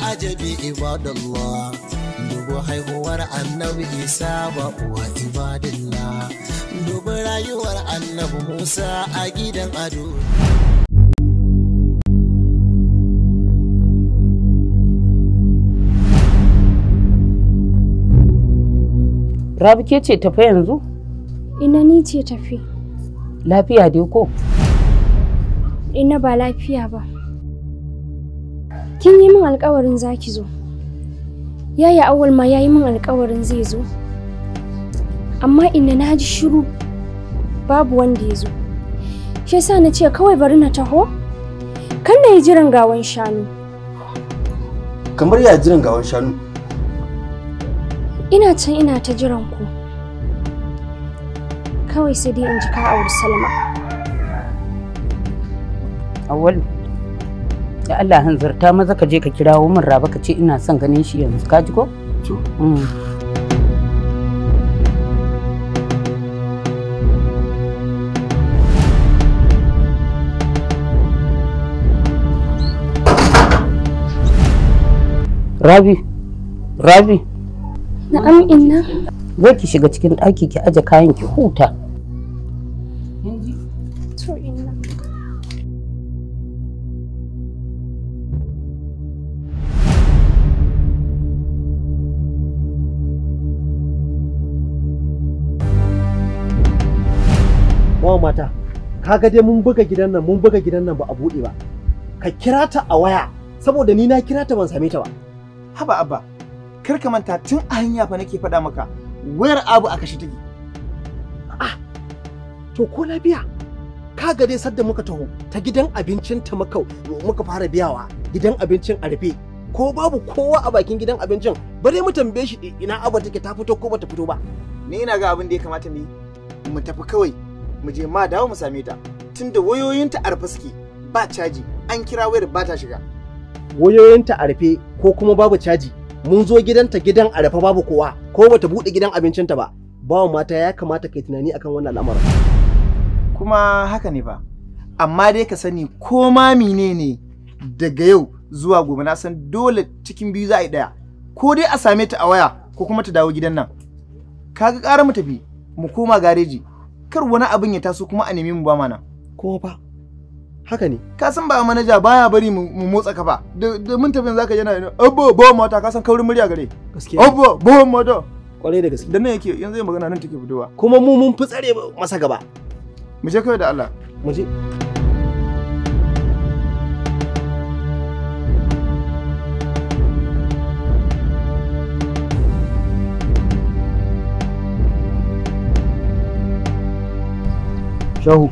ajabi ibadallah dubu haihuwar annabi isa ba uwa ibadallah dubu rayuwar annabi musa a gidan Rabi ke ce tafi yanzu? Ina ni ce tafi. Lafiya dai ko? Ina ba lafiya ba. Kin yi min alƙawarin za ki zo. Yaya awal ma ya yi min alƙawarin zai zo. Amma inda na ji shiru babu wanda ya zo. Shi yasa na ce kawai bari na taho. Kan na yi jiran gawan shanu. Kamar ya jiran gawan shanu? Ina can ina ta jiran ku. Kawai sai dai in ji ka auri Salma. Awalu. da Allah hanzarta maza ka je ka kirawo min raba ka ce ina son ganin shi yanzu ka ji ko mm. Rabi, Rabi. Na'am inna. Zo ki shiga cikin ɗaki ki aje kayan ki huta. kaga dai mun buga gidan nan mun buga gidan nan ba a buɗe ba ka kira ta a waya saboda ni na kira ta ban same ta ba haba abba kar ka manta tun a hanya fa nake faɗa maka wayar abu a kashe take ah to ko lafiya ka ga dai sadda muka taho ta gidan abincin ta muka muka fara biyawa gidan abincin a rufe ko babu kowa a bakin gidan abincin bare mu tambaye shi ina abu take ta fito ko bata fito ba ni ina ga abin da ya kamata mu mu tafi kawai mu je ma dawo mu same ta tunda wayoyin a rufe suke ba caji an kira wayar ba ta shiga wayoyin ta rufe ko kuma babu caji mun zo gidanta gidan a babu kowa ko bata bude gidan abincinta ba bawa mata ya kamata kai tunani akan wannan al'amari kuma haka ne ba amma dai ka sani ko ma menene daga yau zuwa gobe na san dole cikin biyu za a yi daya ko dai a same ta a waya ko kuma ta dawo gidan nan kaga ƙara mu tafi mu koma gareji kar wani abin ya taso kuma a nemi mu ba mana ko ba haka ne ka san ba manaja baya bari mu motsa kafa da mun tafi zaka yana Abba ba mota ka san kaurin murya gare gaskiya abbo mota kwarai da gaske da nan yake yanzu magana nan take fitowa kuma mu mun fi tsare masa gaba mu je kai da Allah mu je Shahu.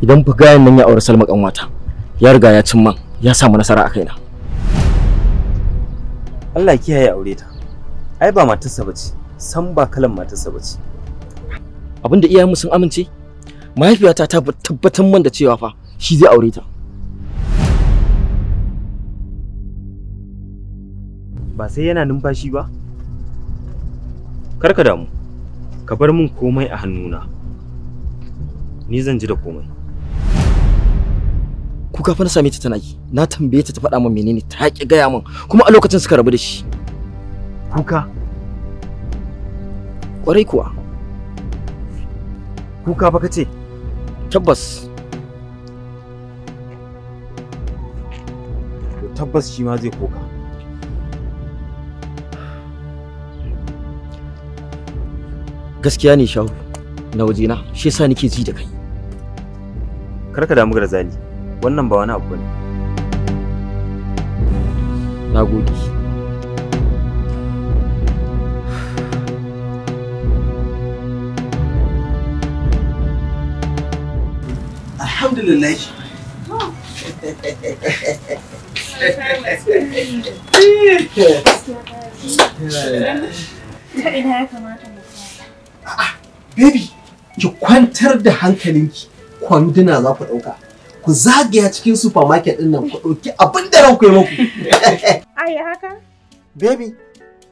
Idan fugayen nan ya aure Salma kan wata, ya riga ya cin man, ya samu nasara a kaina. Allah ya kiyaye aure ta. Ai ba matarsa bace, san ba kalan matarsa bace. Abinda iyayenmu sun amince, mahaifiyata ta tabbatar man da cewa fa shi zai aure ta. Ba sai yana numfashi ba? Karka damu, ka bar min komai a hannuna. ni zan ji da komai kuka fa na same ta tana yi na tambaye ta ta faɗa min menene ta ki gaya min kuma a lokacin suka rabu da shi kuka kwarai kuwa kuka fa ce. tabbas tabbas shi ma zai koka gaskiya ne shahu na wajena shi yasa nake ji da kai kar ka damu garzali wannan ba wani abu ne na gode alhamdulillah Baby, ki kwantar da hankalinki. kwanduna za ku ɗauka ku zagaya cikin supermarket ɗin nan ku ɗauki abin da ranku ya muku ai haka baby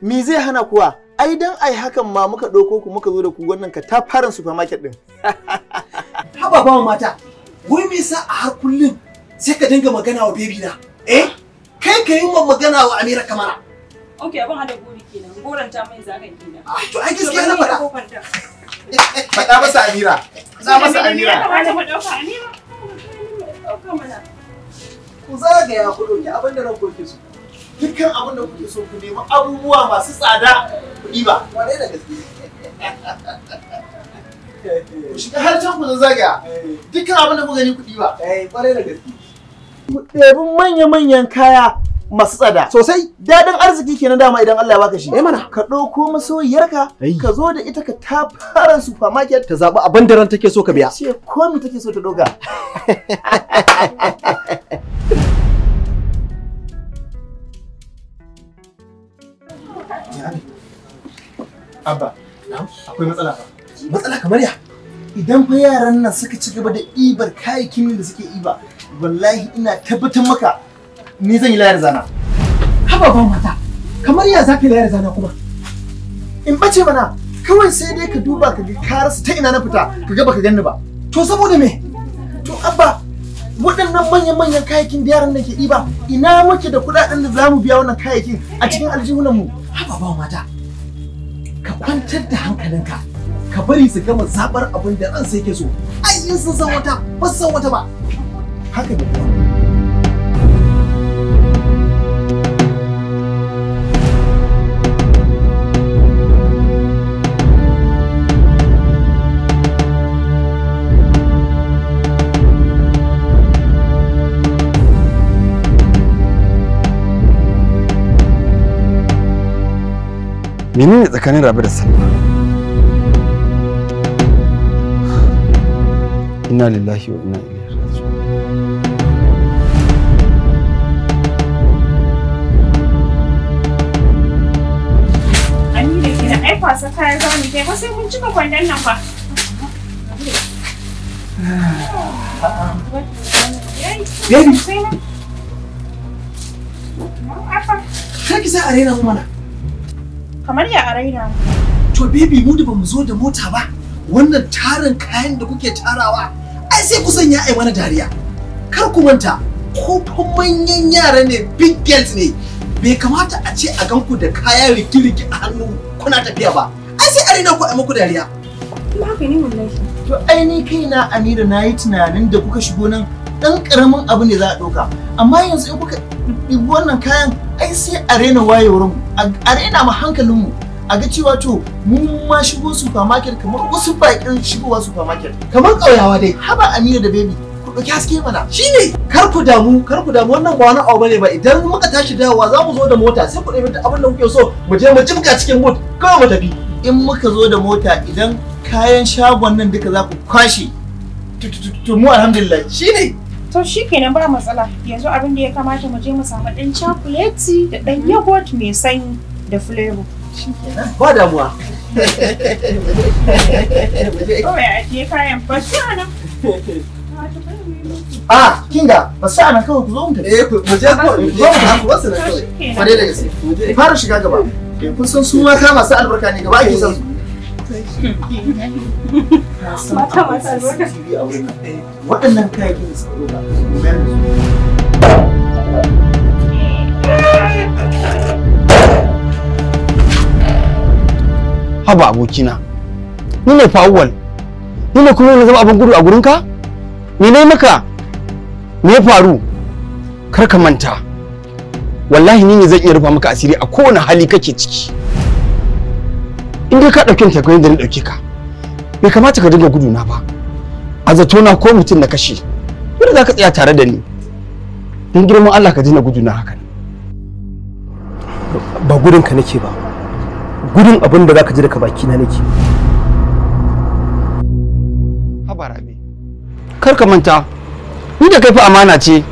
me zai hana kuwa ai dan ai hakan ma muka ɗauko ku muka zo da ku wannan ka ta fara supermarket ɗin haba ba mata wai me yasa a har kullum sai ka dinga magana wa baby na eh kai ka yi magana wa Amira Kamara Ok, abin hada gori kenan, goranta mai zagan kenan. Ah, to ai gaskiya na faɗa. Faɗa masa Amira. na masa amira ku zagaya ku ɗauki abin da ranko ke so dukkan abin da kuke so ku nemi abubuwa masu tsada ku ɗiba wane da gaske ku shiga har can ku zagaya dukkan abin da ku gani ku ɗiba ƙwarai eh, da gaske ku ɗebi manya-manyan kaya masu tsada. Sosai. Daɗin arziki kenan dama idan Allah ya baka shi. Eh mana. Ka ɗauko masoyiyarka ka zo da ita ka ta fara supermarket. Ta zaɓi abin da ran take so ka biya. Ce komi take so ta ɗauka. Abba, akwai matsala Matsala kamar ya? Idan fa yaran nan suka ci gaba da ibar kayayyakin da suke iba, wallahi ina tabbatar maka ni zan yi layar zana haba ba mata kamar ya zaka layar zana kuma in bace mana kawai sai dai ka duba ka ga karasa ta ina na fita ka ga baka ganni ba to saboda me to abba waɗannan manya manyan kayayyakin da yaran da ke ɗiba ina muke da kuɗaɗen da mu biya wannan kayayyakin a cikin aljihunanmu haba ba mata ka kwantar da hankalinka ka bari su gama zaɓar abin da ransa yake so ai in sun san wata ba san wata ba haka ne menene tsakanin rabi da salma ina lillahi wa ina ilaihi raji'un da kina ai kwasa kayan zamu kai sai mun cika kwandon nan ba Baby. Kaki za a rena Kamar ya araina mu. To baby mu da bamu zo da mota ba. Wannan tarin kayan da kuke tarawa ai sai kusan ya ai mana dariya. Kar ku manta ko fa manyan yara ne big girls ne. Bai kamata a ce a ganku da kaya rikiriki a hannu kuna tafiya ba. Ai sai arena ku ai muku dariya. Haka ne wallahi. To ai ni kaina Amira na yi tunanin da kuka shigo nan dan karamin abu ne za a ɗauka amma yanzu in kuka ɗibi wannan kayan ai sai a rena mu a rena mu hankalin mu a ga cewa to mun ma shigo supermarket kamar wasu bakin shigowa supermarket kamar ƙauyawa dai haba Amina da baby ku ɗauki haske mana shine kar ku damu kar ku damu wannan ba wani abu bane ba idan muka tashi dawowa za mu zo da mota sai ku ɗebi abin da kuke so mu je mu jibga cikin mood kawai mu tafi in muka zo da mota idan kayan shagon nan duka za ku kwashe to mu alhamdulillah shine To shi kenan ba matsala yanzu abin da ya kamata mu je mu samu ɗan cakuleti da ɗan yogurt mai sanyi da flavor. ba damuwa. a ah, kawai ku zo mu Eh, je mu ku basu nan kawai. Kware da gaske. Fara shiga gaba. Kun san su ma kama albarka ne gaba ake san su. mata masu albarka waɗannan kayayyakin da haba abokina ni ne fa'uwal ni ne kuma na zama abin gudu a gurinka me ne maka me ya faru kar ka manta wallahi ni ne zan iya rufa maka asiri a kowane hali kake ciki in dai ka ɗauki ta kwayin da ni ɗauke ka bai kamata ka dinga guduna ba a zato na ko mutum na kashe dole za ka tsaya tare da ni don girman Allah ka gudu guduna haka ba gudun ka nake ba gudun abin da za ka ji daga baki na nake habarabe kar ka manta ni da kai fa amana ce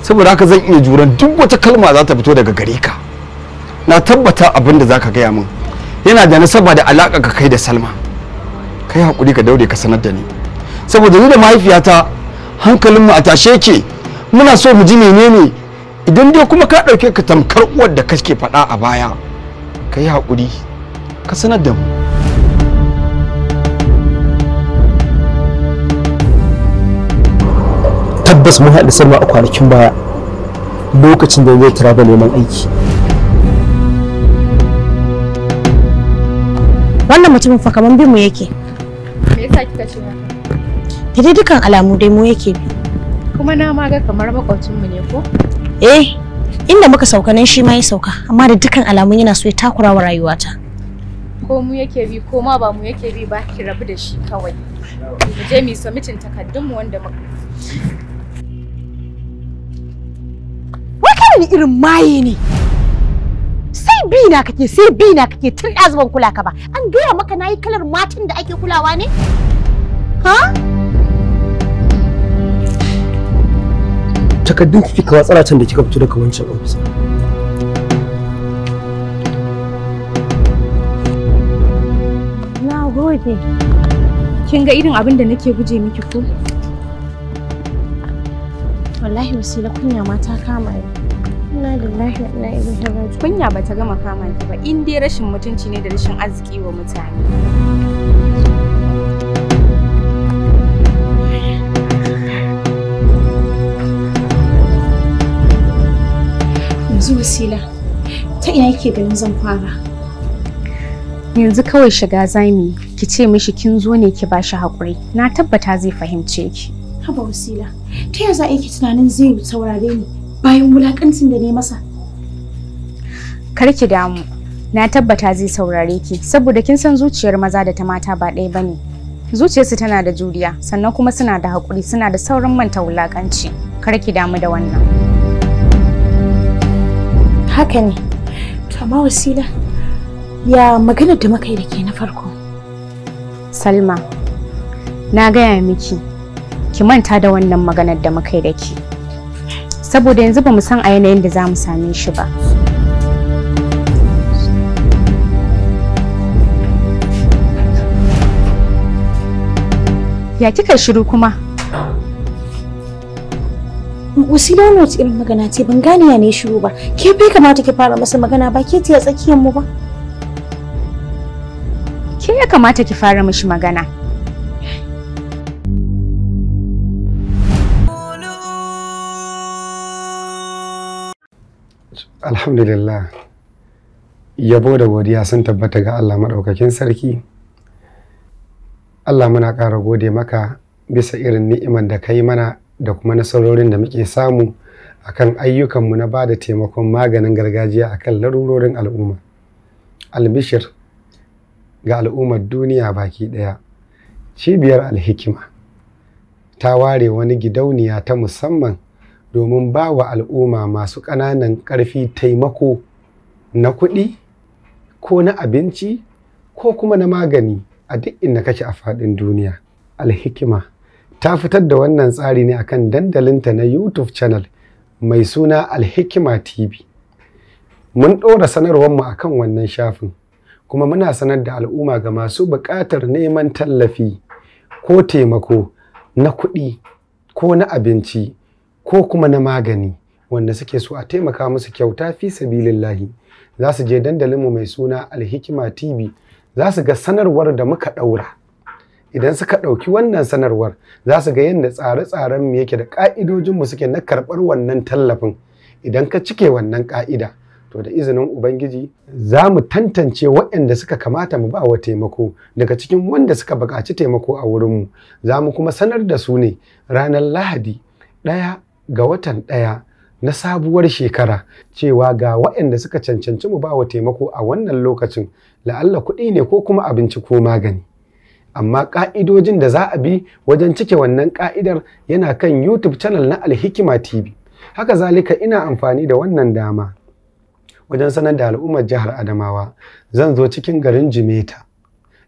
saboda haka zan iya juran duk wata kalma za ta fito daga gare ka na tabbata abin da za ka gaya min yana da nasaba da alaka ka kai da salma kai hakuri ka daure ka sanar da ni saboda ni da mahaifiyata hankalinmu a tashe ke muna so mu ji menene idan dai kuma ka ɗauke ka tamkar uwar da kake faɗa a baya ka yi haƙuri ka sanar da mu tabbas mun haɗu salma a kwanakin baya lokacin da zai tura neman aiki wannan mutumin fa kaman bi mu yake me yasa kika ce haka da dai dukan alamu dai mu yake bi kuma na ma ga kamar makwacin mu ne ko eh inda muka sauka nan shi ma ya sauka amma da dukan alamun yana so ya takura wa rayuwata ko mu yake bi ko ma ba mu yake bi ba ki rabu da shi kawai mu je mu submitin takaddun mu wanda muka wai kana irin maye ne sai bi na kake sai bi na kake tun ɗazuban kula ka ba an gaya maka na yi kalar matan da ake kulawa ne ha ki kike kawo tsaratan da kika fito daga wancan ofis na gode kin ga irin abin da nake guje miki ko wallahi wasila kunya ma ta kama ni Inna lillahi wa inna ilaihi raji'un. Kunya ba ta gama kama ki ba. In dai rashin mutunci ne da rashin arziki wa mutane. Yanzu wasila, ta ina yake ganin zan fara? Yanzu kawai shiga zami ki ce mishi kin zo ne ki bashi haƙuri. Na tabbata zai fahimce ki. Haba wasila, ta yaya za a yi tunanin zai saurare ni? bayan wulakancin da ne masa Kar damu na tabbata zai saurare ki saboda kin san zuciyar maza da ta mata ba ɗaya bane zuciyarsu tana da juriya sannan kuma suna da haƙuri suna da saurin manta wulakanci ki damu da wannan haka ne to amma wasila ya magana da makai da ke na farko salma na gaya miki ki manta da wannan maganar da makai da ke saboda yanzu ba mu san a yanayin da za mu same shi ba ya kika shiru kuma na wace irin magana ce ban gane ya ne shiru ba ke bai kamata ki fara masa magana ba ke ce tsakiyar mu ba ke ya kamata ki fara mashi magana alhamdulillah yabo da godiya sun tabbata ga Allah maɗaukakin sarki Allah muna ƙara gode maka bisa irin ni'imar da ka yi mana da kuma nasarorin da muke samu akan ayyukanmu na ba da taimakon maganin gargajiya akan larurorin al'umma albishir ga al'ummar duniya baki ɗaya cibiyar alhikima ta ware wani gidauniya ta musamman domin ba wa al'umma masu ƙananan ƙarfi taimako na kuɗi ko na abinci ko kuma na magani a duk inda kake a faɗin duniya. Alhikima ta fitar da wannan tsari ne akan dandalinta na YouTube channel mai suna Alhikima TV. Mun ɗora sanarwarmu a kan wannan shafin, kuma muna sanar da al'umma ga masu buƙatar neman tallafi ko taimako na kuɗi ko na abinci. ko kuma na magani wanda suke so a taimaka musu kyauta fi sabilillahi za su je dandalinmu mai suna alhikima tv za su ga sanarwar da muka ɗaura idan suka ɗauki wannan sanarwar za su ga yadda tsare-tsaren mu yake da ƙa'idojinmu suke na karɓar wannan tallafin idan ka cike wannan ƙa'ida to da izinin ubangiji za mu tantance waɗanda suka kamata mu ba wa taimako daga cikin wanda suka buƙaci taimako a wurinmu za mu kuma sanar da su ne ranar lahadi ɗaya ga watan ɗaya na sabuwar shekara cewa ga waɗanda suka cancanci mu ba wa taimako a wannan lokacin la'alla kuɗi ne ko kuma abinci ko magani amma ƙa'idojin da za a bi wajen cike wannan ƙa'idar yana kan youtube channel na alhikima tv haka zalika ina amfani da wannan dama wajen sanar da al'ummar jihar adamawa zan zo cikin garin jimeta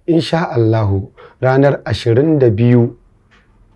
insha allahu ranar 22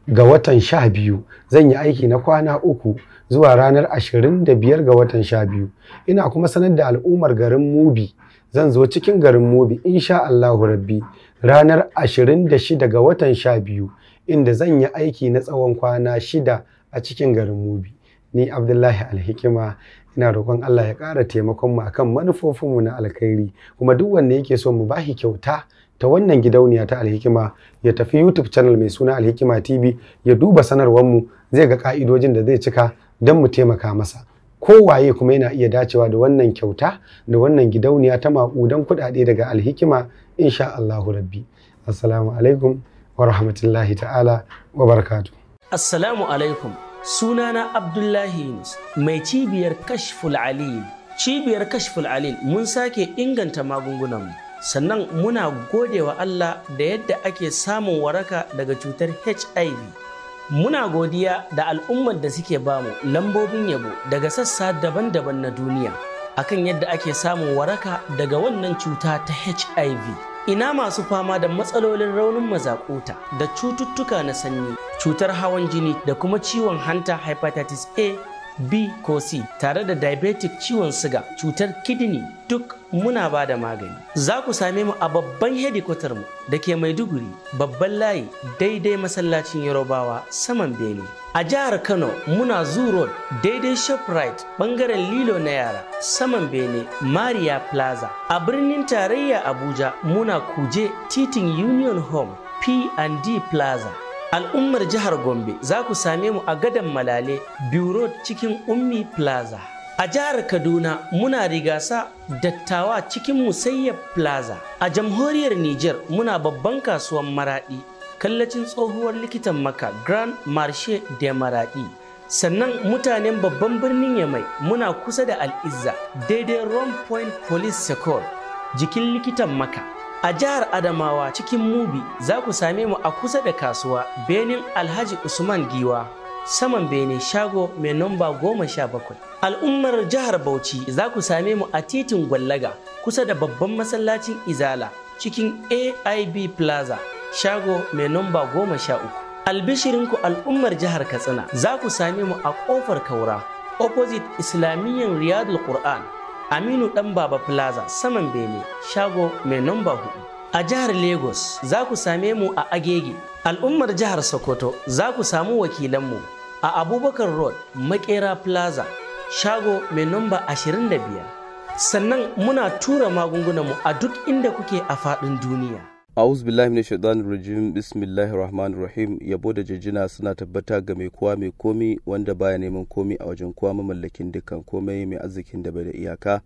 ga watan sha biyu zan yi aiki na kwana uku zuwa ranar ashirin da biyar ga watan sha biyu ina kuma sanar da al'ummar garin mubi zan zo cikin garin mubi insha allahu rabbi ranar ashirin da shida ga watan sha biyu inda zan yi aiki na tsawon kwana shida a cikin garin mubi ni abdullahi alhikima ina roƙon Allah ya ƙara taimakon mu akan manufofinmu na alkhairi kuma duk wanda yake so mu bashi kyauta ta wannan gidauniya ta alhikima ya tafi youtube channel mai suna alhikima tv ya duba sanarwar mu zai ga ka'idojin da zai cika don mu taimaka masa kowaye kuma yana iya dacewa da wannan kyauta da wannan gidauniya ta maƙudan kuɗaɗe daga alhikima insha Allahu rabbi assalamu alaikum wa rahmatullahi ta'ala wa barakatu assalamu alaikum sunana abdullahi yunus mai cibiyar kashful alil cibiyar kashful alil mun sake inganta magungunanmu sannan muna gode wa Allah da yadda ake samun waraka daga cutar HIV. Muna godiya da al'ummar da suke bamu lambobin yabo daga sassa daban-daban na duniya akan yadda ake samun waraka daga wannan cuta ta HIV. Ina masu fama da matsalolin raunin mazakuta da cututtuka na sanyi, cutar hawan jini da kuma ciwon hanta hepatitis A b ko c tare da diabetic ciwon siga cutar kidney duk muna ba da magani za ku same mu a babban hedikwatar mu da ke maiduguri babban layi daidai masallacin yarobawa saman bene a jihar kano muna zoo road daidai shoprite bangaren lilo na yara saman bene maria plaza a birnin tarayya abuja muna kuje titin union home p&d plaza al'ummar jihar gombe za ku same mu a gadon malale biro cikin ummi plaza a jihar kaduna muna rigasa dattawa cikin musayyar plaza a jamhuriyar niger muna babban kasuwan maradi kallacin tsohuwar likitan maka grand marche de maradi sannan mutanen babban birnin yamai muna kusa da al'izza daidai rome point police secor jikin likitan maka A jihar Adamawa cikin Mubi za ku same mu a kusa da kasuwa Benin Alhaji Usman Giwa saman Benin Shago mai namba goma sha bakwai. Al'ummar jihar Bauchi za ku same mu a titin Gwallaga kusa da babban masallacin Izala cikin AIB Plaza Shago mai namba goma sha uku. Albishirinku al'ummar jihar Katsina za ku same mu a ƙofar Kaura opposite Islamiyyar Riyadul Qur'an aminu dan baba plaza saman bene shago mai namba hudu a jihar lagos za ku same mu a agege al'ummar jihar sokoto za ku samu wakilanmu a abubakar road makera plaza shago mai namba 25 sannan muna tura magungunanmu a duk inda kuke a faɗin duniya A'uz billahi min shaitan rajim bismillahi rahman rahim yabo da jijjina suna tabbata ga mai kowa mai komi wanda baya neman komi a wajen kowa mamallakin dukkan komai mai arzikin da bai da iyaka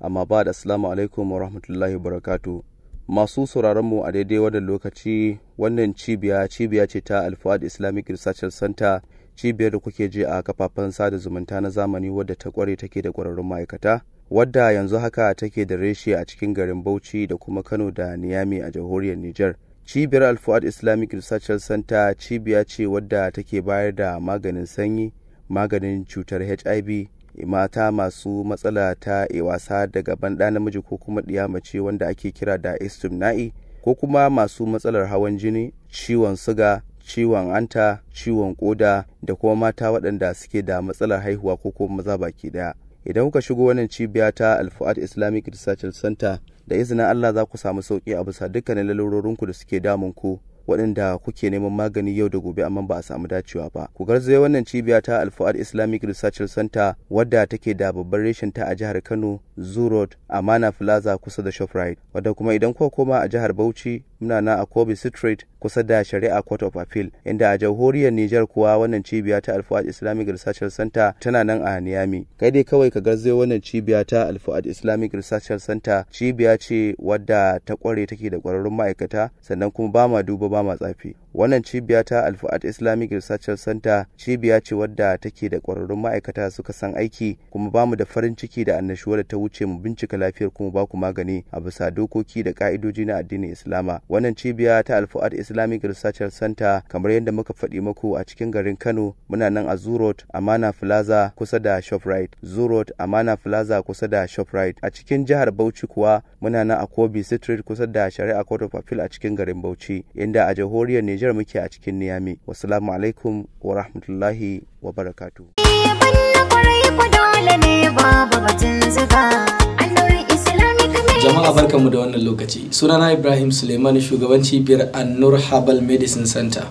amma ba da assalamu alaikum wa rahmatullahi barakatu masu sauraron mu a daidai wannan lokaci wannan cibiya cibiya ce ta alfuad islamic research center cibiyar da kuke je a kafafen sada zumunta na zamani wadda ta kware take da kwararrun ma'aikata wadda yanzu haka take da reshe a cikin garin Bauchi da kuma Kano da Niyami a jamhuriyar Nijar. Cibiyar Alfuad Islamic Research Center cibiya ce wadda take bayar da maganin sanyi, maganin cutar HIV, mata masu matsala ta wasa daga banɗa namiji ko kuma mace wanda ake kira da istimna'i ko kuma masu matsalar hawan jini, ciwon suga, ciwon anta, ciwon koda da kuma mata waɗanda suke da matsalar haihuwa ko kuma maza baki ɗaya. idan kuka shigo wannan cibiya ta alfuad islamic research center da izinin allah za ku samu sauki a bisa dukkanin lalurorinku da suke damun ku waɗanda kuke neman magani yau da gobe amma ba a samu dacewa ba ku garzaye wannan cibiya ta alfuad islamic research center wadda take da babban reshen ta a jihar kano zoo road amana plaza kusa da shoprite wadda kuma idan kuka koma a jihar bauchi muna nan a Kobe Street kusa da Shari'a Court of Appeal inda a jamhuriyar niger kuwa wannan cibiya ta Alfuad Islamic Research Center tana nan a Niyami kai dai kawai ka garzai wannan cibiya ta Alfuad Islamic Research Center cibiya ce wadda ta kware take da kwararrun ma'aikata sannan kuma ba ma duba ba ma tsafi wannan cibiya ta alfu'at islamic research center cibiya ce wadda take da ƙwararrun ma'aikata suka san aiki kuma bamu da farin ciki da annashuwa da ta wuce mu bincika lafiyar kuma ba ku magani a bisa dokoki da ka'idoji na addinin islama wannan cibiya ta alfa'at islamic research center kamar yadda muka faɗi maku a cikin garin kano muna nan a zurot amana plaza kusa da shoprite zurot amana plaza kusa da shoprite a cikin jihar bauchi kuwa muna nan a kobi street kusa da shari'a court of appeal a cikin garin bauchi inda a jamhuriyar niger Nijar muke a cikin Niyami. Wassalamu alaikum wa rahmatullahi wa barakatu. Jama'a barkanmu da wannan lokaci. Sunana Ibrahim Suleiman shugaban cibiyar Annur Herbal Medicine Center.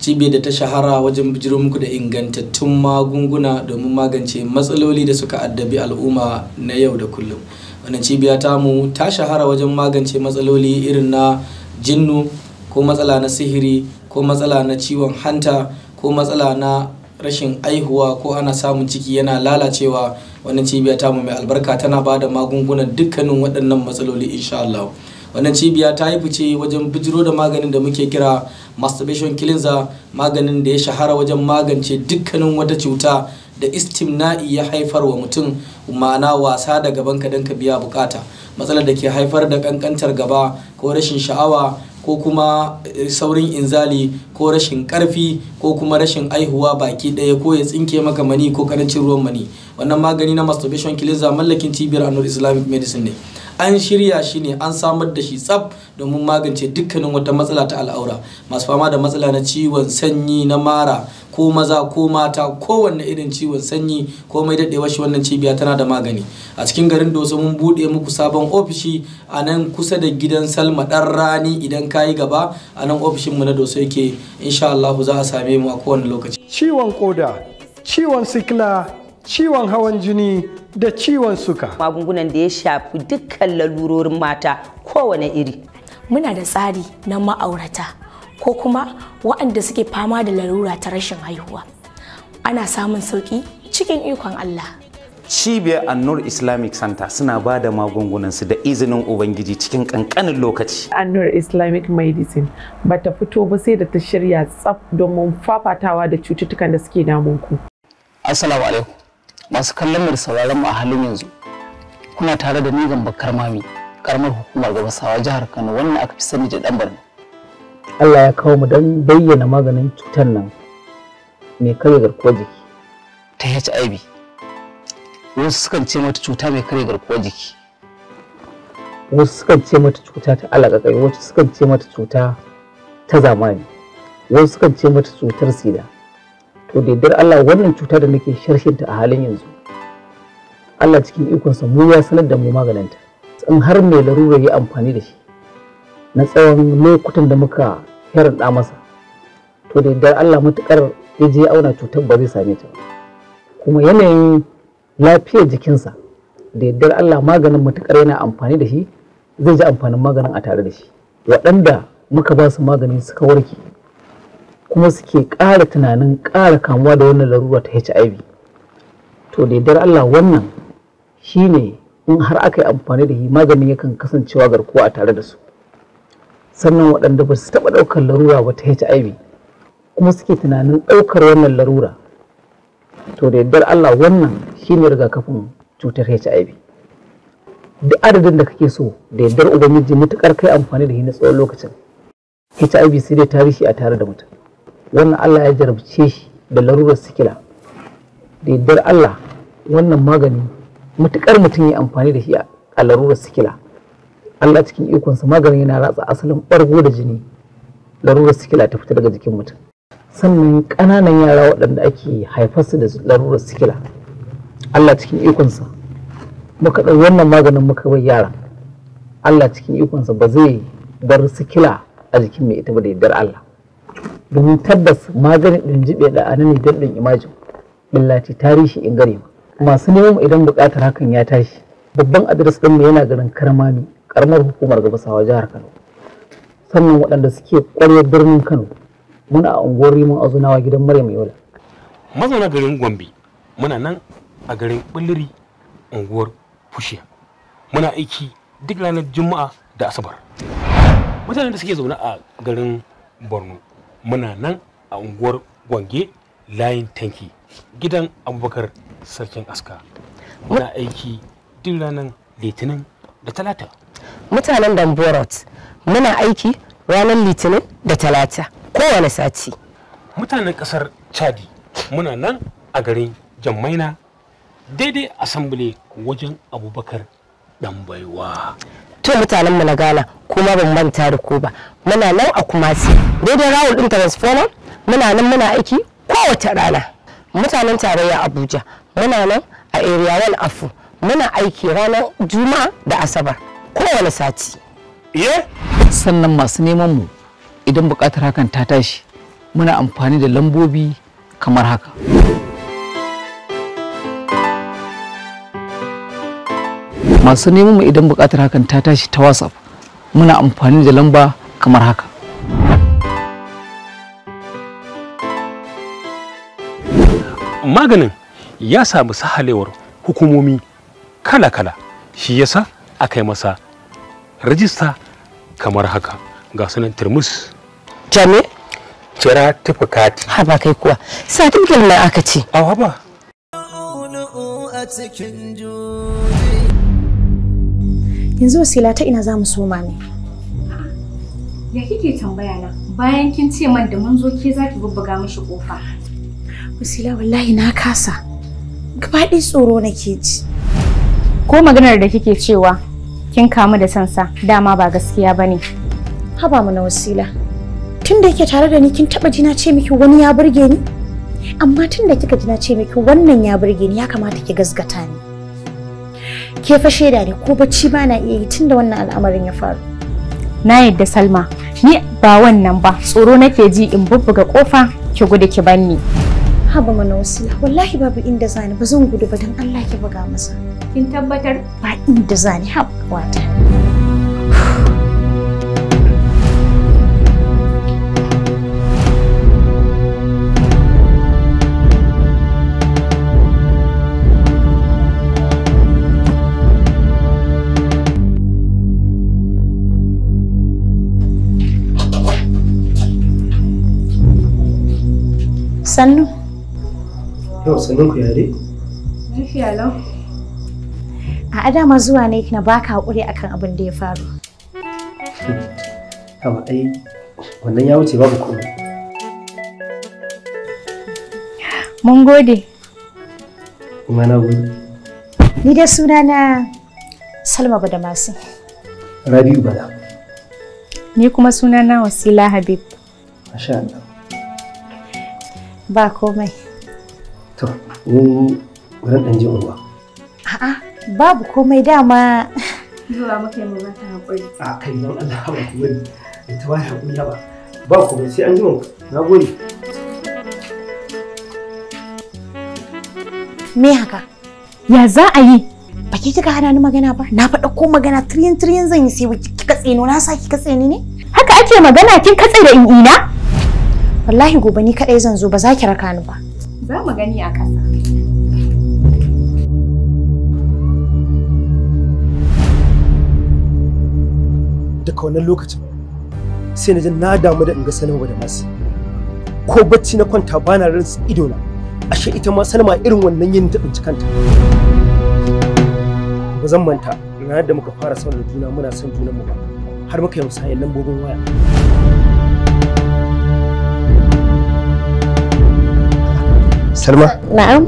cibiyar da ta shahara wajen bijiro muku da ingantattun magunguna domin magance matsaloli da suka addabi al'umma na yau da kullum wannan cibiya mu ta shahara wajen magance matsaloli irin na jinnu ko matsala na sihiri ko matsala na ciwon hanta ko matsala na rashin aihuwa ko ana samun ciki yana lalacewa wannan cibiya ta mu mai albarka tana ba da magungunan dukkanin waɗannan matsaloli insha Allah wannan cibiya ta yi fice wajen bijiro da maganin da muke kira masturbation cleanser maganin da ya shahara wajen magance dukkanin wata cuta da istimna'i ya haifar wa mutum ma'ana wasa da gaban ka don ka biya bukata matsalar da ke haifar da kankantar gaba ko rashin sha'awa ko kuma eh, saurin inzali ko rashin karfi ko kuma rashin aihuwa baki daya ko ya tsinke maka mani ko karancin ruwan mani wannan magani na masturbation killer mallakin cibiyar anur islamic medicine ne an shirya shi ne an samar da shi tsaf domin magance dukkanin wata matsala ta al'aura masu fama da matsala na ciwon sanyi na mara ko maza ko mata kowanne irin ciwon sanyi ko mai daɗewar shi wannan cibiya tana da magani a cikin garin dosa mun buɗe muku sabon ofishi a nan kusa da gidan salma ɗan rani idan kayi gaba a nan ofishin mu na doso yake insha Allah za a same mu a kowane lokaci ciwon koda ciwon sikila ciwon hawan jini da ciwon suka. Magungunan da ya shafi dukkan lalurorin mata kowane iri. Muna da tsari na ma'aurata ko kuma waɗanda suke fama da larura ta rashin haihuwa. Ana samun sauƙi cikin ikon Allah. Cibiyar Annur Islamic Center suna ba da magungunansu da izinin Ubangiji cikin ƙanƙanin lokaci. Annur Islamic Medicine bata fito ba sai da ta shirya tsaf domin fafatawa da cututtukan da suke damunku. Assalamu alaikum. masu kallon mu da sauraron mu a halin yanzu kuna tare da ni bakar mami karamar hukumar gabasawa jihar kano wannan aka fi sani da dan barna allah ya kawo mu don bayyana maganin cutar nan mai karya garkuwar jiki ta hiv wasu sukan ce mata cuta mai karya garkuwar jiki wasu sukan ce mata cuta ta alaƙaƙai wasu sukan ce mata cuta ta zamani wasu sukan ce mata cutar sida to da yardar Allah wannan cuta da nake sharshinta a halin yanzu Allah cikin ikonsa mu ya sanar da mu maganinta in har mai larura ya amfani da shi na tsawon lokutan da muka da masa to da yardar Allah matukar ya je auna cutar ba zai same ta kuma yanayin lafiyar jikinsa da yardar Allah maganin matukar yana amfani da shi zai ji amfanin maganin a tare da shi waɗanda muka ba su magani suka warke kuma suke ƙara tunanin ƙara kamuwa da wannan larura ta HIV to da yardar Allah wannan ne in har aka yi amfani da shi maganin yakan kasancewa garkuwa a tare da su sannan waɗanda ba su taɓa ɗaukar larura ba ta HIV kuma suke tunanin ɗaukar wannan larura to da yardar Allah wannan shine rigakafin cutar HIV duk adadin da kake so da yardar ubangiji matuƙar kai amfani da shi na tsawon lokacin HIV sai dai tarihi a tare da mutum wannan Allah ya jarabce shi da larurar sikila da yardar Allah wannan magani matukar mutum ya amfani da shi a larurar sikila Allah cikin ikonsa magani yana ratsa asalin ɓargo da jini larurar sikila ta fita daga jikin mutum sannan ƙananan yara waɗanda ake haifarsu da larurar sikila Allah cikin ikonsa muka ɗau wannan maganin muka bai yara Allah cikin ikonsa ba zai bar sikila a jikin mai ita ba da yaddar Allah domin tabbas maganin ɗin jibe da anani idan ɗin imajin billaci tarihi in gare masu neman idan buƙatar hakan ya tashi babban adres ɗinmu yana garin karmami karamar hukumar gabasawa jihar kano sannan waɗanda suke ƙwaryar birnin kano muna a unguwar riman azunawa gidan maryam yola mazauna garin gombe muna nan a garin ɓulliri unguwar fushiya muna aiki duk ranar juma'a da asabar mutanen da suke zaune a garin borno muna nan a unguwar gwange layin tanki gidan abubakar sarkin aska muna aiki duk ranar litinin da talata mutanen damborot muna aiki ranar litinin da talata kowane sati mutanen kasar chadi muna nan a garin jammaina daidai asambile wajen abubakar ɗan to mutanen mu na Ghana kuma ban manta da ku ba muna nan a Kumasi daidai rawul din transformer muna nan muna aiki kowace rana mutanen tarayya Abuja muna nan a area 1 Afu muna aiki ranar Juma'a da Asabar kowane sati ye sannan masu neman mu idan bukatar hakan ta tashi muna amfani da lambobi kamar haka masu neman mu idan buƙatar hakan ta tashi ta whatsapp muna amfani da lamba kamar haka maganin ya samu sahalewar hukumomi kala-kala shi yasa aka yi masa rajista kamar haka ga sunan turmus jami cira kati. haba kai kuwa satin na aka ce a haba yanzu wasila ta ina zamu mu soma ne ya kike tambaya na bayan kin ce man da mun zo ke za ki bubbuga mishi kofa wasila wallahi na kasa gaba ɗaya tsoro nake ji ko maganar da kike cewa kin kamu da sansa dama ba gaskiya bane haba mu na wasila tun da yake tare da ni kin taba jina ce miki wani ya burge ni amma tun da kika ji na ce miki wannan ya burge ni ya kamata ki gaskata ni ke fa shaida ne ko bacci ba na iya yi tun da wannan al'amarin ya faru na yadda salma ni ba wannan ba tsoro nake ji in bubbuga kofa ki gudu ki banni haba mana wasila wallahi babu inda zani ba zan gudu ba don allah ki buga masa kin tabbatar ba inda zani haba wata sannu yau sannu ku yare lafiya lau a adama zuwa ne na baka hakuri akan abin da ya faru kama ai wannan ya wuce babu komai mun gode kuma na gode ni da suna na salma badamasi rabi'u bala ni kuma suna na wasila habib masha Allah ba komai to ni ran dan je unguwa a'a babu komai dama zuwa muka yi mu ba ta hakuri a kai don Allah ba ku bari ita ba hakuri ba ba ku komai sai an ji mu na gode me haka ya za a yi baki kika hana ni magana ba na faɗa ko magana tiriyan tiriyan zan yi sai kika tsino na sa katse ni ne haka ake magana kin katse da in'ina wallahi gobe ni kadai zan zo ba za ki raka ni ba za mu gani a da daga wannan lokacin sai na ji na damu da in ga salama da masu ko bacci na kwanta bana rantsa ido na ashe ita ma salama irin wannan yin ta dinci kanta ba zan manta ina da muka fara son juna muna son junanmu ba har muka yi musayen lambobin waya Salma? Na'am.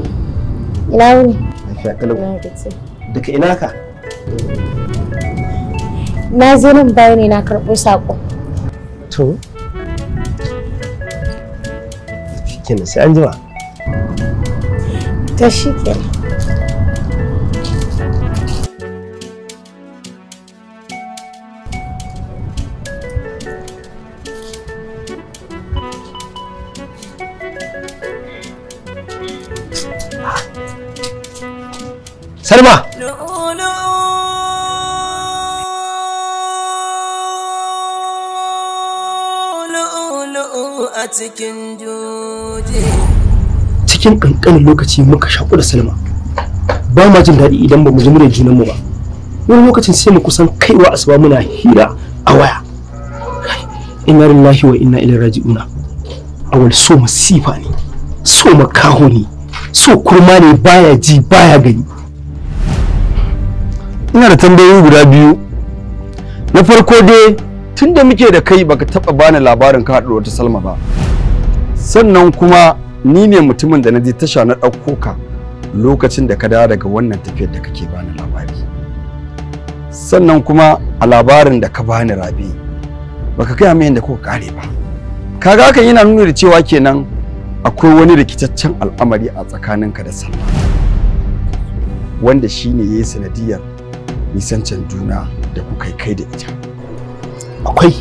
Ina wuni? Lafiya kalau. Daga ina ka? Na je nan bayan ne na karɓo sako. To. Shikenan sai an jima. To shikenan. salma cikin ƙanƙanin lokaci muka shaƙu da salma ba ma jin daɗi idan ba mu ji junan junanmu ba wani lokacin sai mu kusan kaiwa asuba muna hira a waya inna lillahi wa inna ilaihi raji'una awal so masifa ne so makaho ne so kurma ne baya ji baya gani ina da tambayoyi guda biyu na farko dai tunda muke da kai baka taba bani labarin ka haɗu ta salma ba sannan kuma ni ne mutumin da na je tasha na ɗauko ka lokacin da ka dawo daga wannan tafiyar da kake bani labari sannan kuma a labarin da ka bani rabi baka kai min da kuka kare ba kaga hakan yana nuna da cewa kenan akwai wani rikitaccen al'amari a tsakaninka da salma wanda shine yayi sanadiyar nisancin juna da ku kai da ita akwai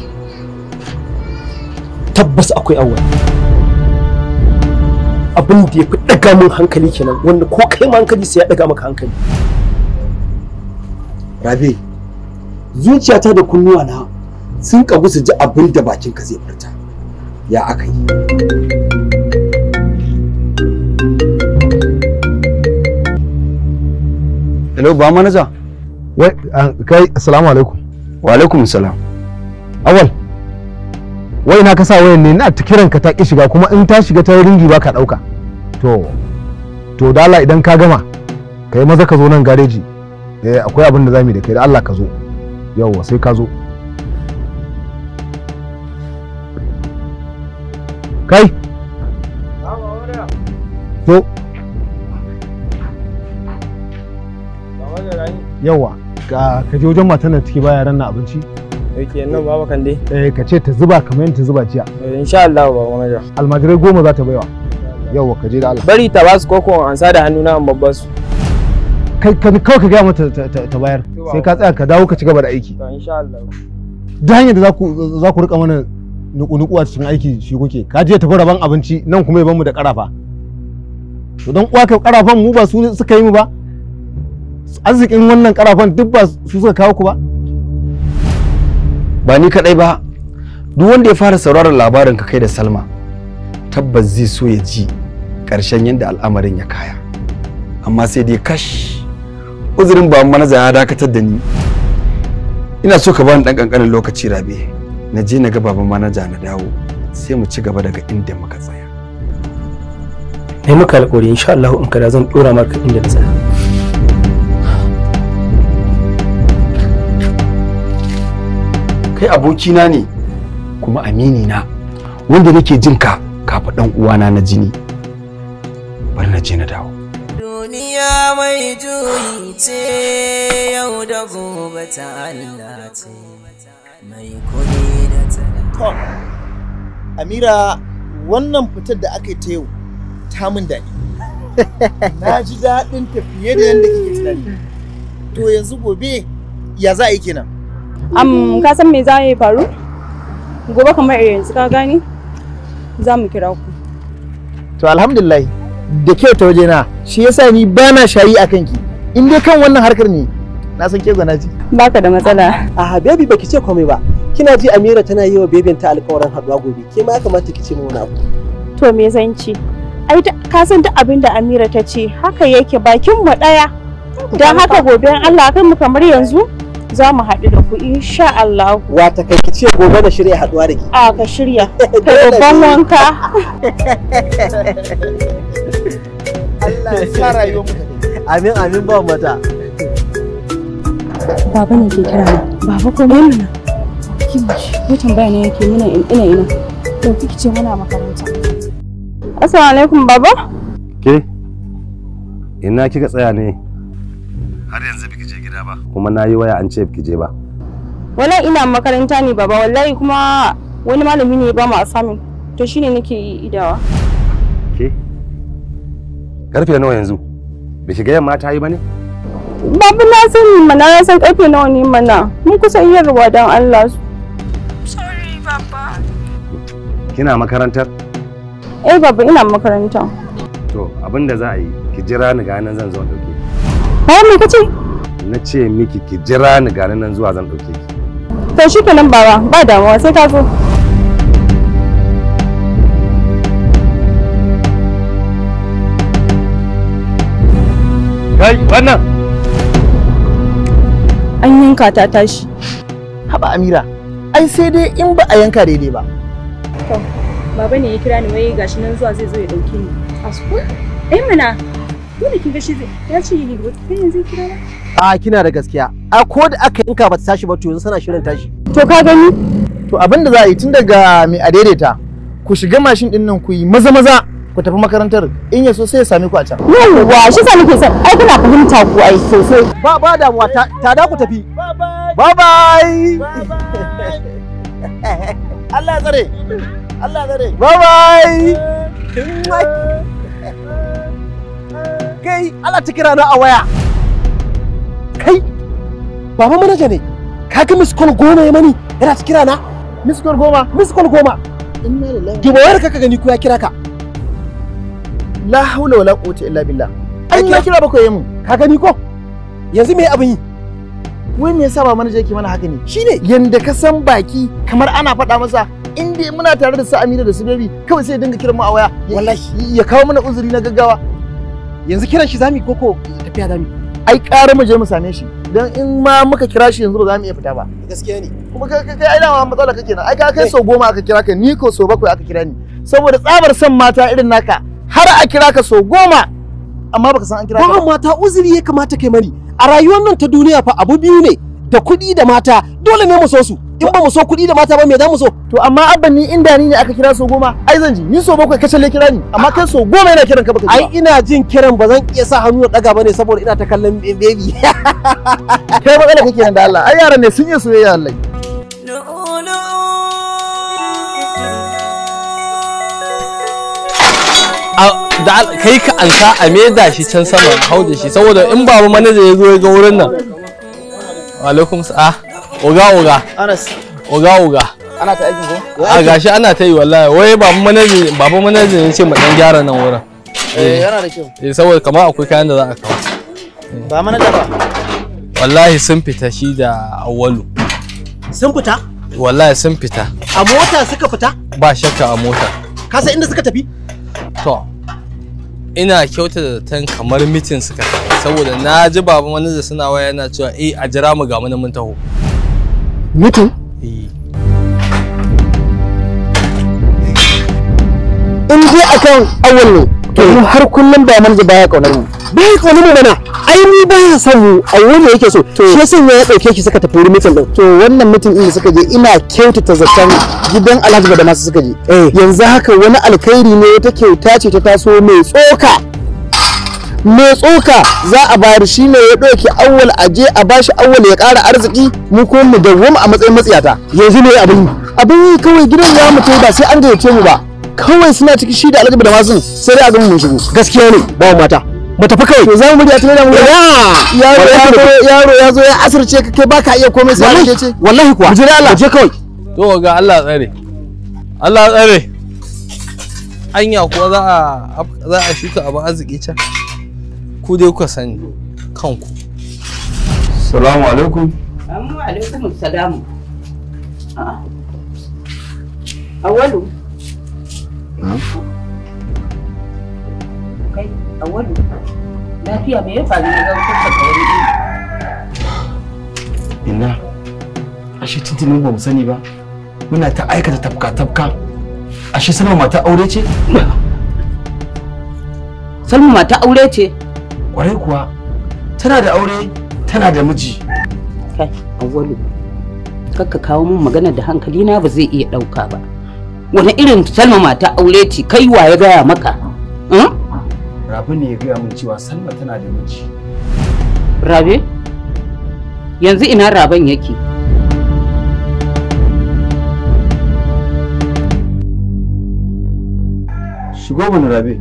tabbas akwai awa. abin da ya fi daga min hankali kenan wanda ko kai ma hankali sai ya daga maka hankali rabe zuciyata da kunnuwa na sun kagu su ji abin da bakinka zai furta ya aka yi hello ba manaja wai kai assalamu alaikum wa alaikum salam awal wai na kasa wayan ne na ta kiran ka ta ki shiga kuma in ta shiga ta ringi ba ka dauka to to dala idan ka gama kai maza ka zo nan gareji eh akwai abin da zamu da kai da Allah ka zo yawwa sai ka zo kai to yawa ka je wajen matan da take baya yaran na abinci Ke nan baba kan dai. Eh, ka ce ta zuba kamar yadda ta zuba jiya. Eh, insha Allah baba manaja. Almajirai goma za ta baiwa. Yawwa ka je da Allah. Bari ta basu koko an sa da hannu na an babba su. Kai ka kawai ka ga mata ta bayar. Sai ka tsaya ka dawo ka ci gaba da aiki. Insha Allah. Da hanyar da za ku rika mana nuku-nuku a cikin aiki shi kuke. Ka je tafi rabon abinci nan kuma ya mu da karafa. To don uwa ka karafan mu ba su suka yi mu ba. arzikin wannan karafan duk ba su suka kawo ku ba ba ni kadai ba duk wanda ya fara sauraron labarin ka kai da salma tabbas zai so ya ji karshen yadda al'amarin ya kaya amma sai dai kash uzurin ba manaja ya dakatar da ni ina so ka bani dan kankanin lokaci rabe na je na ga baban manaja na dawo sai mu ci gaba daga inda muka tsaya. Na yi maka alƙawari insha Allah in kada zan ɗora maka inda na tsaya. kai abokina ne kuma amini na wanda nake jin ka kafa dan uwana na jini bar na je na dawo duniya mai juyi ce yau da gobe ta Allah ce mai kudi da Amira wannan fitar da aka yi ta yau ta min daɗi na ji daɗin tafiye da yadda kike tunani to yanzu gobe ya za a yi kenan am ka san me za yi faru gobe kamar yanzu ka gani za mu kira ku to alhamdulillah da ke ta waje na shi yasa ni ba na shayi a kanki in dai kan wannan harkar ne na san ke gwana ji ka da matsala a baby baki ce komai ba kina ji Amira tana yi wa baby ta alƙawarin haɗuwa gobe ke ma ya kamata ki ce mu wani abu to me zan ci ai ka san duk abin da Amira ta ce haka yake bakin mu daya dan haka gobe Allah kan mu kamar yanzu za mu haɗu da ku insha Allah. Wata kai ki ce gobe da shirya haɗuwa da ki. A ka shirya. Ka babban wanka. Allah ya sa Amin amin ba mata. Baba ne ke kira Baba ko mai mana. Kin shi ko tambaya ne yake muna ina ina. To kike ce muna makaranta. Assalamu alaikum baba. Ke ina kika tsaya ne? Har yanzu ba kuma na yi waya an ce ki je ba wallahi ina makaranta ne baba wallahi kuma wani malami ne ba mu assignment to shine nake yi idawa ke karfe nawa yanzu bai shiga yamma ta yi ba ne babu na sani mana na san karfe nawa ne mana mun kusa iya ruwa don Allah sorry baba kina makarantar eh baba ina makaranta to abin da za a yi ki jira ni ga nan zan zo dauke ba me kace? na ce miki ki jira ni gani nan zuwa zan ɗauke ki. To shi nan bawa ba damuwa sai ka zo. Kai wannan. An yanka ta tashi. Haba Amira, ai sai dai in ba a yanka daidai ba. To, baba ne ya kira ni wai gashi nan zuwa zai zo ya ɗauke ni. Asu? Eh mana, dole kin ga shi ya ce yi gobe kai yanzu kira ba a kina da gaskiya a ko da aka yanka ba ta tashi ba to yanzu sana shirin tashi to ka gani to abin da za a yi tun daga mai a daidaita ku shiga mashin din nan ku yi maza maza ku tafi makarantar in ya so sai ya sami ku a can yawwa shi sa nake son ai kuna fahimta ku ai sosai ba ba damuwa ta da ku tafi bye bye Allah ya tsare Allah ya tsare bye bye kai ala ta kira na a waya kai baba manaja ne ka ga miss call goma ya mani yana ta kira na miss call goma miss call goma inna lillahi duba wayar ka ka gani ko ya kira ka la haula wala quwwata illa billah ai ya kira bakwai yayin mu ka gani ko yanzu me abin yi wai me yasa baba manaja yake mana haka ne shine yanda ka san baki kamar ana faɗa masa indi muna tare da su Amina da su Baby kawai sai dinga kiran mu a waya wallahi ya kawo mana uzuri na gaggawa yanzu kira shi zamu yi koko tafiya zamu ai ƙara mu je mu same shi dan in ma muka kira shi yanzu ba za mu iya fita ba gaskiya ne kuma kai kai ai dama matsala kake nan ai ka kai eh. sau goma aka kira ka ni ko sau bakwai aka kira ni saboda tsabar son mata irin naka har a kira ka sau goma amma baka san an kira ka ba mata uzuri ya kamata kai mari a rayuwar nan ta duniya fa abu biyu ne da kuɗi da mata dole ne mu so su in ba mu so kuɗi da mata ba me za mu so to amma abba ni inda ni ne aka kira so goma ai zan ji ni so bakwai kacalle kira ni amma kai so goma yana kiran ka baka ai ina jin kiran ba zan iya sa hannu daga bane saboda ina ta kallon baby kai ba kana kake nan da Allah ai yaran ne sun yi soyayya Allah kai ka ansa a meda shi can sama hau da shi saboda in babu manaja ya zo ya ga wurin nan alaikum sa'a oga oga anas oga oga ana ta aikin ko a gashi ana ta yi wallahi wai baban manaji baban manaji ne ce mu dan gyara nan wurin eh, eh yana da kyau eh saboda kamar akwai kayan da za a kawo ba manaja ba wallahi sun fita shi da awalu. sun fita wallahi sun fita a mota suka fita ba shakka a mota ka san inda suka tafi to ina kyauta da tan kamar mitin suka saboda na ji baban wani da suna waya yana cewa eh a jira mu ga mu mun taho Mutum In dai akan awal ne, to har kullum ba manja baya kaunar mu. bai kaunar mu bana ai ni baya son mu, ai wanda yake so. To shi yasa ya dauke ki suka tafi wurin mitin din. To wannan mutum din da suka je ina kyautata zaton gidan Alhaji da masu suka je. Eh. Yanzu haka wani alkhairi ne wata kyauta ce ta taso mai tsoka. mai tsoka za a bayar shi ne ya ɗauki awwal a je a bashi awwal ya ƙara arziki mu ko mu dawwama a matsayin matsiyata yanzu ne abin abin yi kawai gidan ya mutu ba sai an gayyace mu ba kawai suna ciki shi da alhaji da masun sai dai a gama mun shigo gaskiya ne ba mata mu fa kawai to za mu murya tare da mu yaro yaro ya zo ya asirce ka kai baka iya komai sai ka ce wallahi kuwa je Allah je kawai to ga Allah tsare Allah tsare anya kuwa za a za a shuka abu arziki can ku dai kuka sani kanku salamu alaikum salamu alaikum salamu awalu kai awalu lafiya me ya faru na ga kuka kawai ina ashe tuntunin ba mu sani ba muna ta aikata tafka-tafka ashe salma mata aure ce salma mata aure ce kwarai kuwa tana da aure tana da miji kai awwalu kakka kawo min magana da hankali na ba zai iya ɗauka ba wani irin salma mata aure ce kai wa ya gaya maka hmm? rabi ne ya gaya min cewa salma tana da miji rabe yanzu ina raban yake shigo mana rabe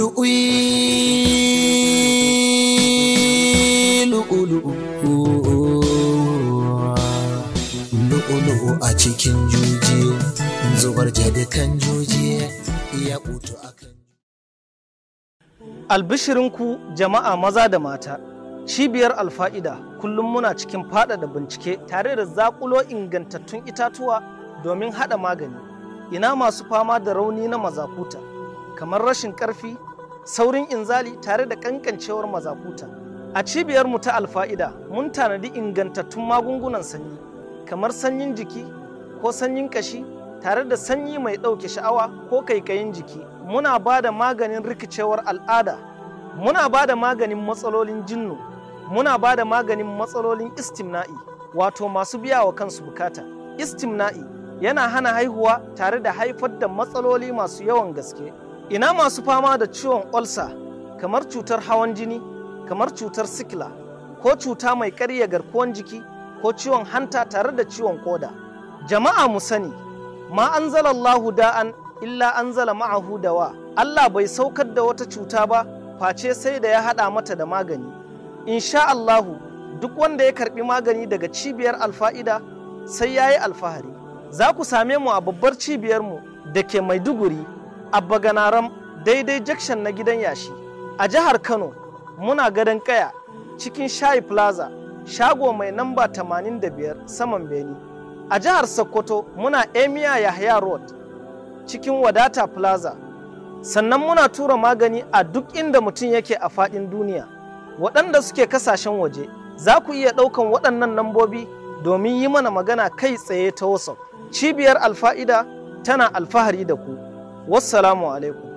lu'ulu'u a cikin juji zubar kan juji ya kutu akan albishirinku jama'a maza da mata cibiyar alfa'ida kullum muna cikin faɗaɗa bincike tare da zaƙulo ingantattun itatuwa domin haɗa magani ina masu fama da rauni na mazakuta kamar rashin ƙarfi saurin inzali tare da kankancewar mazakuta. A cibiyarmu ta alfa'ida mun tanadi ingantattun magungunan sanyi kamar sanyin jiki ko sanyin kashi tare da sanyi mai ɗauke sha'awa ko kaikayin jiki. Muna ba da maganin rikicewar al'ada, muna ba da maganin matsalolin jinnu, muna ba da maganin matsalolin istimna'i wato masu biya wa kansu bukata. Istimna'i yana hana haihuwa tare da haifar da matsaloli masu yawan gaske. ina masu fama da ciwon olsa kamar cutar hawan jini kamar cutar sikila ko cuta mai karya garkuwan jiki ko ciwon hanta tare da ciwon koda jama'a mu sani ma anzalallahu da'an illa anzala ma'ahu dawa Allah bai saukar da wata cuta ba face sai da ya hada mata da magani insha Allahu duk wanda ya karbi magani daga cibiyar alfa'ida sai ya yi alfahari za ku same mu a babbar cibiyar mu da ke maiduguri a baganaram daidai jakshan na gidan yashi a jihar kano muna gadon kaya cikin shayi plaza shago mai namba 85 saman beni a jihar sokoto muna emia yahya road cikin wadata plaza sannan muna tura magani a duk inda mutum yake a fadin duniya waɗanda suke kasashen waje za ku iya ɗaukan waɗannan nambobi domin yi mana magana kai tsaye ta wasan cibiyar alfa'ida tana alfahari da ku wassalamu alaikum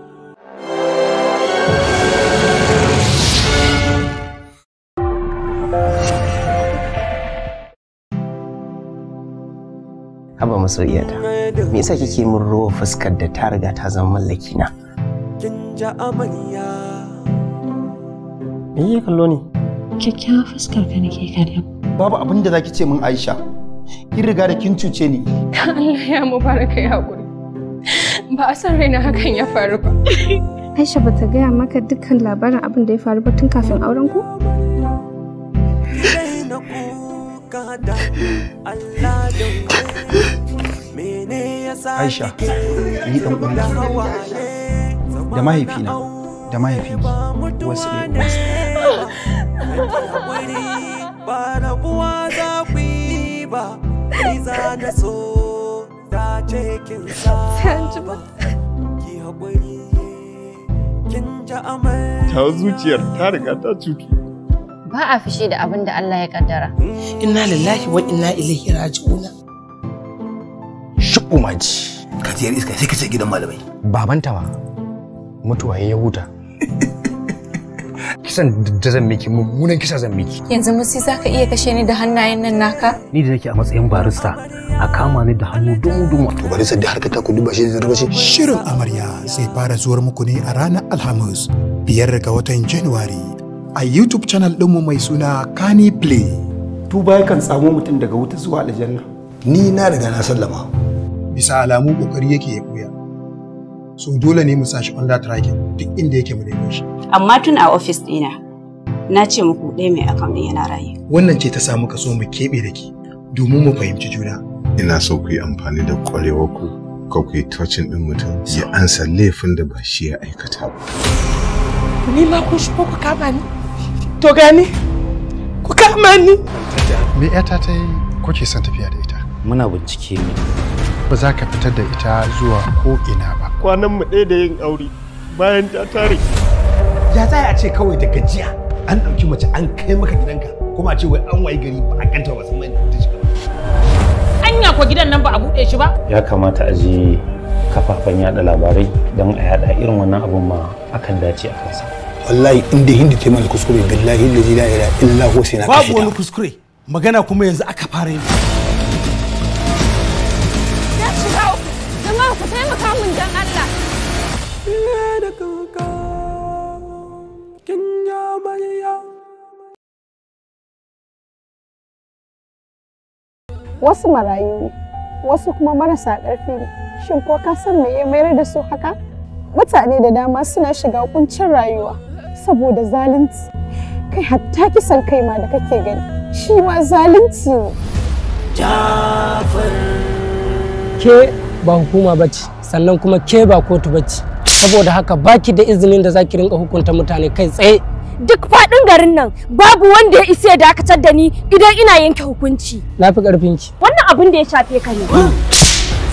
haba masoyiyata me yasa kike min ruwa fuskar da ta riga ta zama mallaki na me yake kallo ne kyakkyawa fuskar ka nake kare babu abin da zaki ce min Aisha kin riga da kin cuce ni Allah ya mubaraka ya hakuri Ba a san raina hakan ya faru ba. Aisha ba ta gaya maka dukkan labarin abin da ya faru ba tun kafin auren ku? Aisha, yi ɗan da mahaifina da mahaifinki wasu ɗaya wasu. Ba za ce ta zuciyar ta riga ta cutu ba a fushi da abin da Allah ya kaddara inna lillahi wa inna ilaihi raji'una shubu maji katiyar iska sai ka ce gidan malamai babanta ma mutuwa ya huta kisan da zan miki mummunan kisa zan miki yanzu musi ka iya kashe ni da hannayen nan naka ni da nake a matsayin barista a kama ni da hannu dumu dumu to bari sai da harka ta ku duba shi da shirin amarya zai fara zuwar muku ne a ranar alhamis biyar ga watan january a youtube channel mu mai suna kani play tuba kan tsamo mutum daga wuta zuwa aljanna ni na riga na sallama bisa alamu kokari yake ya koya so dole ne mu sashi under tracking duk inda yake mu nemo shi amma tun a office ɗina na ce muku ɗaya mai akan ɗin yana raye wannan ce ta samu kaso mu keɓe da ke, domin mu fahimci juna ina so ku yi amfani da ƙwarewar ku ka ku yi touching ɗin mutum ya ansa laifin da ba shi ya aikata ba ni ma ku shi ko ku kama ni to gani ku kama ni me yata ta yi kuke son tafiya da ita muna bincike ne ba za ka fitar da ita zuwa ko ina ba kwanan mu ɗaya da yin aure bayan ta tare ya tsaya a ce kawai da gajiya an ɗauki mace an kai maka gidanka kuma a ce wai an wayi gari ba a kanta ba sun mai ta shiga anya ko gidan nan ba a buɗe shi ba ya kamata a je kafafen yada labarai don a yada irin wannan abun ma akan dace a kansa wallahi inda hindi ta mana kuskure billahi la ilaha illa huwa sai na babu wani kuskure magana kuma yanzu aka fara yi wasu marayu ne wasu kuma marasa ƙarfi ne shin ko ka san me ya mayar da su haka mutane da dama suna shiga kuncin rayuwa saboda zalunci kai hatta kisan kai ma da kake gani shi ma zalunci ne ke ba hukuma bace sannan kuma ke ba kotu bace saboda haka baki da izinin da zaki rinka hukunta mutane kai tsaye duk faɗin garin nan babu wanda ya isa ya dakatar da ni idan ina yanke hukunci. Na fi ki. Wannan abin da ya shafe ka ne.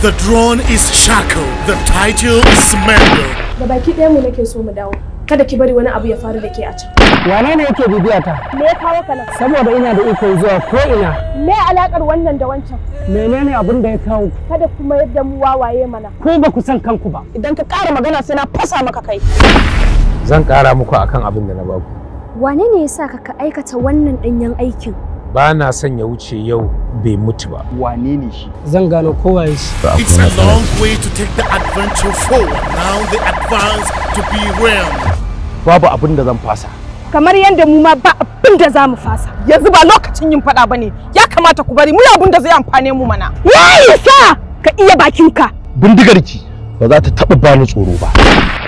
The drone is shackled, the title is smelled. Da baki ɗaya mu nake so mu dawo. Kada ki bari wani abu ya faru da ke a can. Wane ne yake bibiya ta? Me ya kawo ka nan? Saboda ina da ikon zuwa ko ina. Me alakar wannan da wancan? Menene abin da ya kawo? Kada kuma yadda mu wawaye mana. Ko ba ku san kanku ba. Idan ka ƙara magana sai na fasa maka kai. Zan ƙara muku akan abin da na baku. wane ne yasa ka ka aikata wannan danyen aikin ba na son ya wuce yau bai mutu ba wane ne shi zan gano kowa ya shi it's a long way to take the adventure forward now the advance to be realm babu abin da zan fasa kamar yadda mu ma ba abin da za mu fasa yanzu ba lokacin yin fada bane ya kamata ku bari mu abin da zai amfane mu mana ya sa ka iya bakinka bindigarki ba za ta taba bani tsoro ba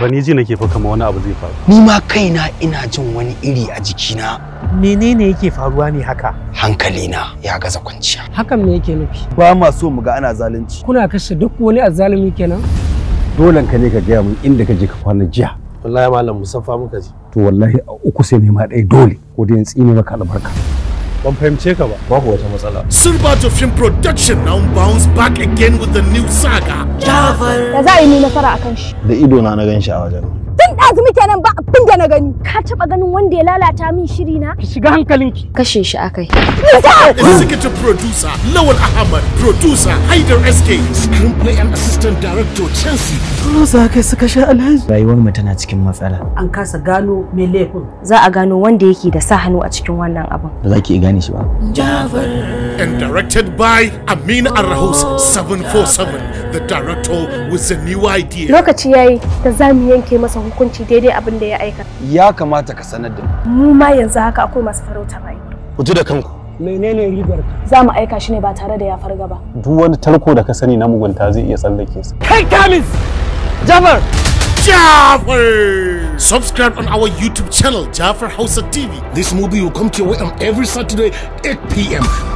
fa ni ji nake fa kamar wani abu zai faru ni ma kaina ina jin wani iri a jikina menene yake faruwa ne haka Hankali na ya gaza kwanciya hakan me yake nufi ba ma so mu ga ana zalunci kuna kashe duk wani azzalumi kenan dolan ka ne ka gaya mun inda ka je ka kwana jiya wallahi malam musaffa muka ji to wallahi a uku sai ne ma ɗaya dole ko dai in tsine maka albarka ban fahimce ka ba babu wata matsala to Film Production now bounce back again with the new saga Jafar da za a yi nasara akan shi da ido na na gan shi a wajen Tun ɗazu muke nan ba abin da na gani. Ka taɓa ganin wanda ya lalata min shiri na? Ki shiga hankalinki. Kashe shi akai. Executive producer Lawal Ahmad, producer Haidar SK, screenplay and assistant director Chelsea. za kai suka sha alhaji. Rayuwar mu tana cikin matsala. An kasa gano me laifin. Za a gano wanda yake da sa hannu a cikin wannan abin. Ba za ki gane shi ba. Jafar. And directed by Amina Arahus 747. the director with a new idea. Lokaci yayi da za mu yanke masa hukunci daidai abin da ya aika. Ya kamata ka sanar da mu. Mu ma yanzu haka akwai masu farautar rayuwa. Ku da kanku. Menene ribar? Za aika shi ne ba tare da ya farga ba. Duk wani tarko da ka sani na mugunta zai iya tsallake sa. Kai Kamis! Jabar! Jaffer! Subscribe on our YouTube channel, Jaffer Hausa TV. This movie will come to way on every Saturday, 8 p.m.